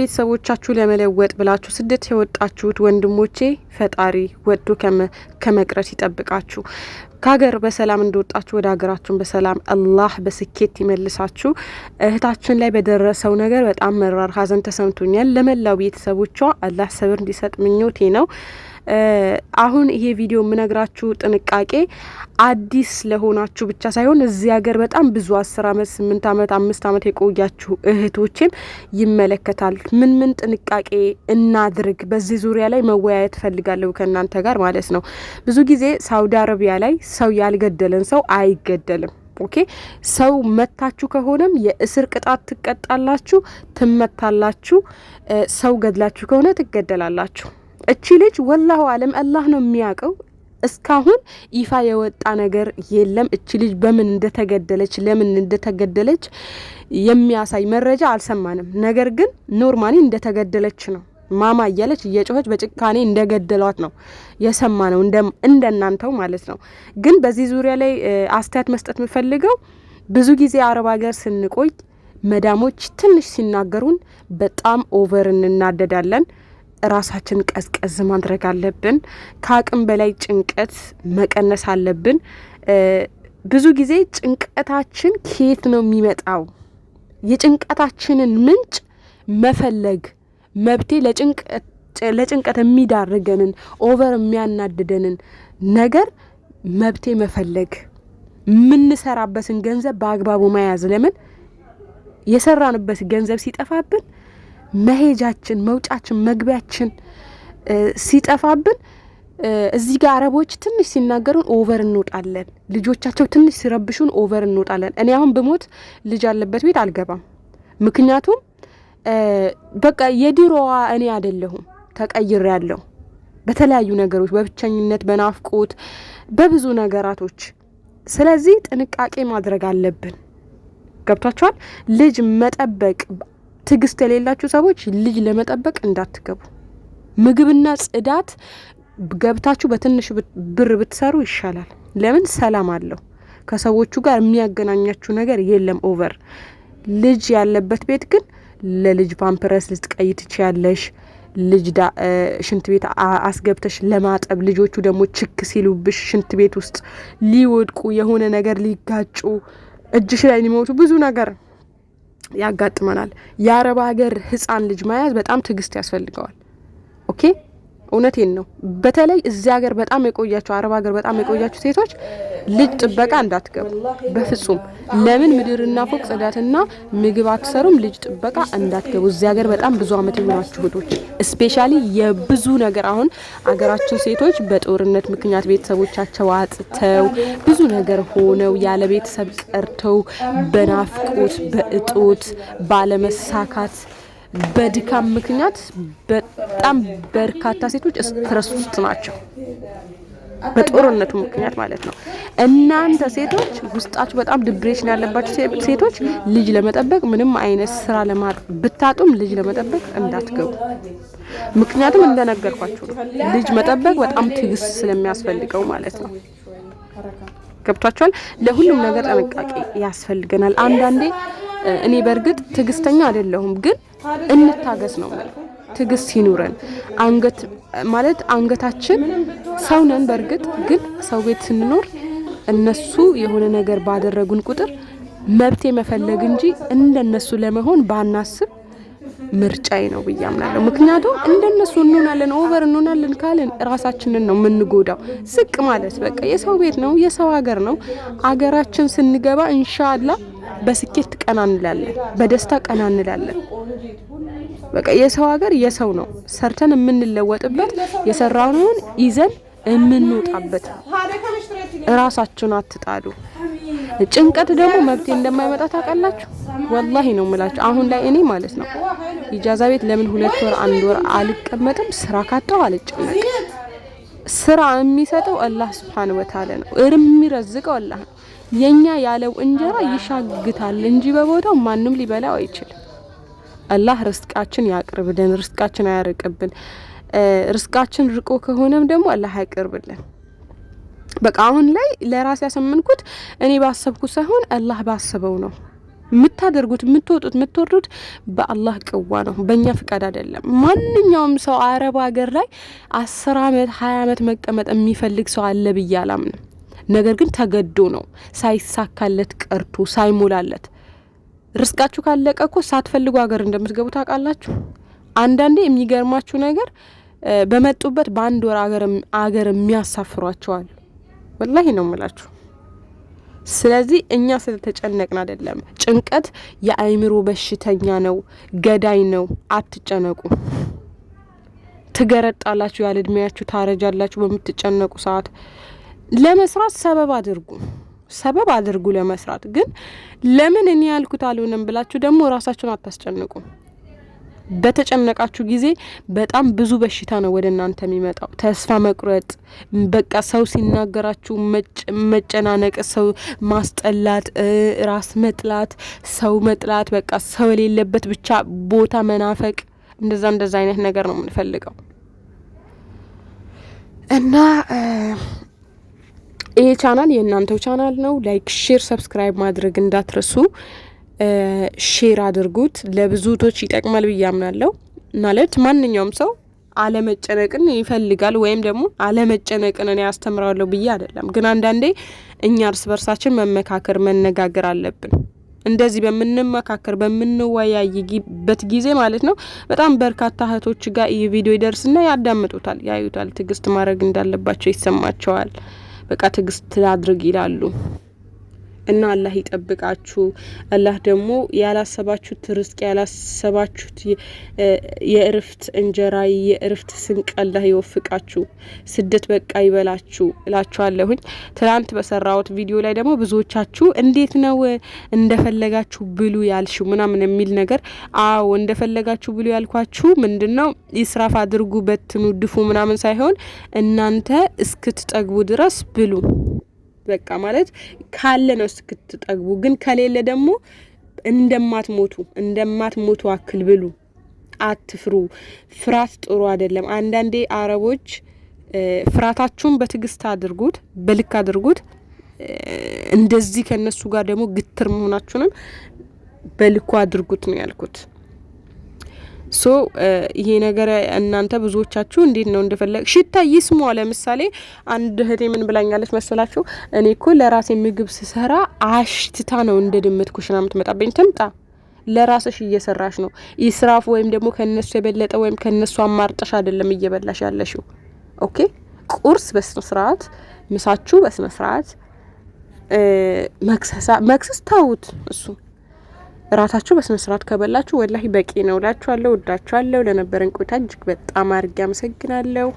ቤተሰቦቻችሁ ለመለወጥ ብላችሁ ስደት የወጣችሁት ወንድሞቼ ፈጣሪ ወዶ ከመቅረት ይጠብቃችሁ። ከሀገር በሰላም እንደወጣችሁ ወደ ሀገራችሁን በሰላም አላህ በስኬት ይመልሳችሁ። እህታችን ላይ በደረሰው ነገር በጣም መራር ሀዘን ተሰምቶኛል። ለመላው ቤተሰቦቿ አላህ ሰብር እንዲሰጥ ምኞቴ ነው። አሁን ይሄ ቪዲዮ የምነግራችሁ ጥንቃቄ አዲስ ለሆናችሁ ብቻ ሳይሆን እዚህ ሀገር በጣም ብዙ አስር አመት ስምንት አመት አምስት አመት የቆያችሁ እህቶችም ይመለከታል። ምን ምን ጥንቃቄ እናድርግ? በዚህ ዙሪያ ላይ መወያየት ፈልጋለሁ ከእናንተ ጋር ማለት ነው። ብዙ ጊዜ ሳውዲ አረቢያ ላይ ሰው ያልገደለን ሰው አይገደልም። ኦኬ ሰው መታችሁ ከሆነም የእስር ቅጣት ትቀጣላችሁ፣ ትመታላችሁ። ሰው ገድላችሁ ከሆነ ትገደላላችሁ። እቺ ልጅ ወላሁ አለም አላህ ነው የሚያውቀው። እስካሁን ይፋ የወጣ ነገር የለም። እቺ ልጅ በምን እንደተገደለች ለምን እንደተገደለች የሚያሳይ መረጃ አልሰማንም። ነገር ግን ኖርማሊ እንደተገደለች ነው ማማ እያለች እየጮኸች በጭካኔ እንደገደሏት ነው የሰማ ነው እንደናንተው ማለት ነው። ግን በዚህ ዙሪያ ላይ አስተያየት መስጠት የምፈልገው ብዙ ጊዜ አረብ ሀገር ስንቆይ መዳሞች ትንሽ ሲናገሩን በጣም ኦቨር እንናደዳለን። ራሳችን ቀዝቀዝ ማድረግ አለብን። ከአቅም በላይ ጭንቀት መቀነስ አለብን። ብዙ ጊዜ ጭንቀታችን ከየት ነው የሚመጣው? የጭንቀታችንን ምንጭ መፈለግ መብቴ ለጭንቀት የሚዳርገንን ኦቨር የሚያናድደንን ነገር መብቴ መፈለግ፣ የምንሰራበትን ገንዘብ በአግባቡ መያዝ። ለምን የሰራንበት ገንዘብ ሲጠፋብን መሄጃችን፣ መውጫችን፣ መግቢያችን ሲጠፋብን እዚህ ጋር አረቦች ትንሽ ሲናገሩን ኦቨር እንወጣለን። ልጆቻቸው ትንሽ ሲረብሹን ኦቨር እንወጣለን። እኔ አሁን ብሞት ልጅ ያለበት ቤት አልገባም። ምክንያቱም በቃ የድሮዋ እኔ አይደለሁም፣ ተቀይር ያለው በተለያዩ ነገሮች፣ በብቸኝነት፣ በናፍቆት፣ በብዙ ነገራቶች። ስለዚህ ጥንቃቄ ማድረግ አለብን። ገብቷቸዋል። ልጅ መጠበቅ ትዕግስት የሌላችሁ ሰዎች ልጅ ለመጠበቅ እንዳትገቡ። ምግብና ጽዳት ገብታችሁ በትንሽ ብር ብትሰሩ ይሻላል። ለምን ሰላም አለው። ከሰዎቹ ጋር የሚያገናኛችሁ ነገር የለም። ኦቨር ልጅ ያለበት ቤት ግን ለልጅ ፓምፕረስ ልትቀይ ትችያለሽ። ልጅ ሽንት ቤት አስገብተሽ ለማጠብ ልጆቹ ደግሞ ችክ ሲሉብሽ ሽንት ቤት ውስጥ ሊወድቁ የሆነ ነገር ሊጋጩ እጅሽ ላይ ሊሞቱ ብዙ ነገር ያጋጥመናል። የአረብ ሀገር ህጻን ልጅ መያዝ በጣም ትዕግስት ያስፈልገዋል። ኦኬ እውነቴን ነው። በተለይ እዚህ ሀገር በጣም የቆያችሁ አረብ ሀገር በጣም የቆያችሁ ሴቶች ልጅ ጥበቃ እንዳትገቡ በፍጹም። ለምን ምድርና ፎቅ ጽዳትና ምግብ አትሰሩም? ልጅ ጥበቃ እንዳትገቡ። እዚህ ሀገር በጣም ብዙ አመት የሆናችሁ እህቶች እስፔሻሊ የብዙ ነገር አሁን አገራችን ሴቶች በጦርነት ምክንያት ቤተሰቦቻቸው አጥተው ብዙ ነገር ሆነው ያለ ቤተሰብ ቀርተው በናፍቆት በእጦት ባለመሳካት በድካም ምክንያት በጣም በርካታ ሴቶች ስትረስ ውስጥ ናቸው። በጦርነቱ ምክንያት ማለት ነው። እናንተ ሴቶች ውስጣችሁ በጣም ድብሬሽን ያለባችሁ ሴቶች ልጅ ለመጠበቅ ምንም አይነት ስራ ብታጡም ልጅ ለመጠበቅ እንዳትገቡ። ምክንያቱም እንደነገርኳችሁ ነው፣ ልጅ መጠበቅ በጣም ትዕግስት ስለሚያስፈልገው ማለት ነው። ገብቷችኋል? ለሁሉም ነገር ጥንቃቄ ያስፈልገናል። አንዳንዴ እኔ በእርግጥ ትዕግስተኛ አይደለሁም፣ ግን እንታገስ ነው የምለው ትግስት ይኑረን። አንገት ማለት አንገታችን ሰው ነን። በእርግጥ ግን ሰው ቤት ስንኖር እነሱ የሆነ ነገር ባደረጉን ቁጥር መብት የመፈለግ እንጂ እንደነሱ ለመሆን ባናስብ ምርጫዬ ነው ብዬ አምናለሁ። ምክንያቱም እንደነሱ እንሆናለን፣ ኦቨር እንሆናለን ካለን ራሳችንን ነው የምንጎዳው። ዝቅ ማለት በቃ የሰው ቤት ነው፣ የሰው ሀገር ነው። አገራችን ስንገባ እንሻላ በስኬት ቀና እንላለን፣ በደስታ ቀና እንላለን። በቃ የሰው ሀገር የሰው ነው። ሰርተን የምንለወጥበት የሰራነውን ይዘን የምንወጣበት። ራሳችሁን አትጣሉ። ጭንቀት ደግሞ መብቴ እንደማይመጣ ታውቃላችሁ። ወላሂ ነው የምላችሁ። አሁን ላይ እኔ ማለት ነው ኢጃዛ ቤት ለምን ሁለት ወር አንድ ወር አልቀመጥም? ስራ ካጣው አልጨነቅም። ስራ የሚሰጠው አላህ ሱብሓነሁ ወተዓላ ነው። ይረዝቀው አላህ ነው። የኛ ያለው እንጀራ ይሻግታል እንጂ በቦታው ማንም ሊበላው አይችልም። አላህ ርስቃችን ያቅርብልን፣ ርስቃችን አያርቅብን። ርስቃችን ርቆ ከሆነም ደግሞ አላህ ያቅርብልን። በቃ አሁን ላይ ለራሴ ያሰመንኩት እኔ ባሰብኩ ሳይሆን አላህ ባሰበው ነው። የምታደርጉት የምትወጡት የምትወርዱት በአላህ ቅዋ ነው፣ በእኛ ፍቃድ አይደለም። ማንኛውም ሰው አረብ ሀገር ላይ አስር አመት ሀያ አመት መቀመጥ የሚፈልግ ሰው አለ ብዬ አላምንም። ነገር ግን ተገዶ ነው ሳይሳካለት ቀርቶ ሳይሞላለት። ርስቃችሁ ካለቀ እኮ ሳትፈልጉ ሀገር እንደምትገቡ ታውቃላችሁ። አንዳንዴ የሚገርማችሁ ነገር በመጡበት በአንድ ወር አገር የሚያሳፍሯቸዋል። ወላሂ ነው የምላችሁ። ስለዚህ እኛ ስለተጨነቅን አይደለም። ጭንቀት የአእምሮ በሽተኛ ነው፣ ገዳይ ነው። አትጨነቁ። ትገረጣላችሁ፣ ያለ እድሜያችሁ ታረጃላችሁ። በምትጨነቁ ሰዓት ለመስራት ሰበብ አድርጉ፣ ሰበብ አድርጉ ለመስራት። ግን ለምን እኔ ያልኩት አልሆነም ብላችሁ ደግሞ ራሳችሁን አታስጨንቁ። በተጨነቃችሁ ጊዜ በጣም ብዙ በሽታ ነው ወደ እናንተ የሚመጣው። ተስፋ መቁረጥ፣ በቃ ሰው ሲናገራችሁ መጨናነቅ፣ ሰው ማስጠላት፣ ራስ መጥላት፣ ሰው መጥላት፣ በቃ ሰው የሌለበት ብቻ ቦታ መናፈቅ፣ እንደዛ እንደዛ አይነት ነገር ነው የምንፈልገው እና ይሄ ቻናል የእናንተው ቻናል ነው። ላይክ፣ ሼር፣ ሰብስክራይብ ማድረግ እንዳትረሱ። ሼር አድርጉት። ለብዙቶች ይጠቅማል ብዬ አምናለሁ። ማለት ማንኛውም ሰው አለመጨነቅን ይፈልጋል ወይም ደግሞ አለመጨነቅን እኔ ያስተምራለሁ ብዬ አይደለም፣ ግን አንዳንዴ እኛ እርስ በርሳችን መመካከር መነጋገር አለብን። እንደዚህ በምንመካከር በምንወያይበት ጊዜ ማለት ነው በጣም በርካታ እህቶች ጋር ይህ ቪዲዮ ይደርስና ያዳምጡታል፣ ያዩታል። ትዕግስት ማድረግ እንዳለባቸው ይሰማቸዋል። በቃ ትዕግስት አድርግ ይላሉ። እና አላህ ይጠብቃችሁ። አላህ ደግሞ ያላሰባችሁት ርስቅ ያላሰባችሁት የእርፍት እንጀራ የእርፍት ስንቅ አላህ ይወፍቃችሁ። ስደት በቃ ይበላችሁ እላችኋለሁኝ። ትናንት በሰራሁት ቪዲዮ ላይ ደግሞ ብዙዎቻችሁ እንዴት ነው እንደፈለጋችሁ ብሉ ያልሽው ምናምን የሚል ነገር። አዎ እንደፈለጋችሁ ብሉ ያልኳችሁ ምንድን ነው ይስራፍ አድርጉ፣ በትኑ፣ ድፉ ምናምን ሳይሆን እናንተ እስክትጠግቡ ድረስ ብሉ። በቃ ማለት ካለ ነው እስክትጠግቡ፣ ግን ከሌለ ደግሞ እንደማትሞቱ እንደማትሞቱ አክል ብሉ። አትፍሩ። ፍራት ጥሩ አይደለም። አንዳንዴ አረቦች ፍራታችሁን በትግስት አድርጉት፣ በልክ አድርጉት። እንደዚህ ከነሱ ጋር ደግሞ ግትር መሆናችሁንም በልኩ አድርጉት ነው ያልኩት። ሶ ይሄ ነገር እናንተ ብዙዎቻችሁ እንዴት ነው እንደፈለግ ሽታ ይስሟ። ለምሳሌ አንድ እህቴ ምን ብላኛለች መሰላችሁ? እኔ እኮ ለራሴ ምግብ ስሰራ አሽትታ ነው እንደ ድመት ኩሽና የምትመጣብኝ። ትምጣ ለራስሽ እየሰራሽ ነው። ይስራፍ ወይም ደግሞ ከነሱ የበለጠ ወይም ከነሱ አማርጠሽ አይደለም እየበላሽ ያለሽው። ኦኬ ቁርስ በስነ ስርዓት፣ ምሳችሁ በስነ ስርዓት፣ መክሰሳ መክሰስ ታውት እሱ እራታችሁ በስነ ስርዓት ከበላችሁ ወላሂ በቂ ነው ላችኋለሁ፣ ወዳችኋለሁ። ለነበረን ቆይታ እጅግ በጣም አድርጌ አመሰግናለሁ።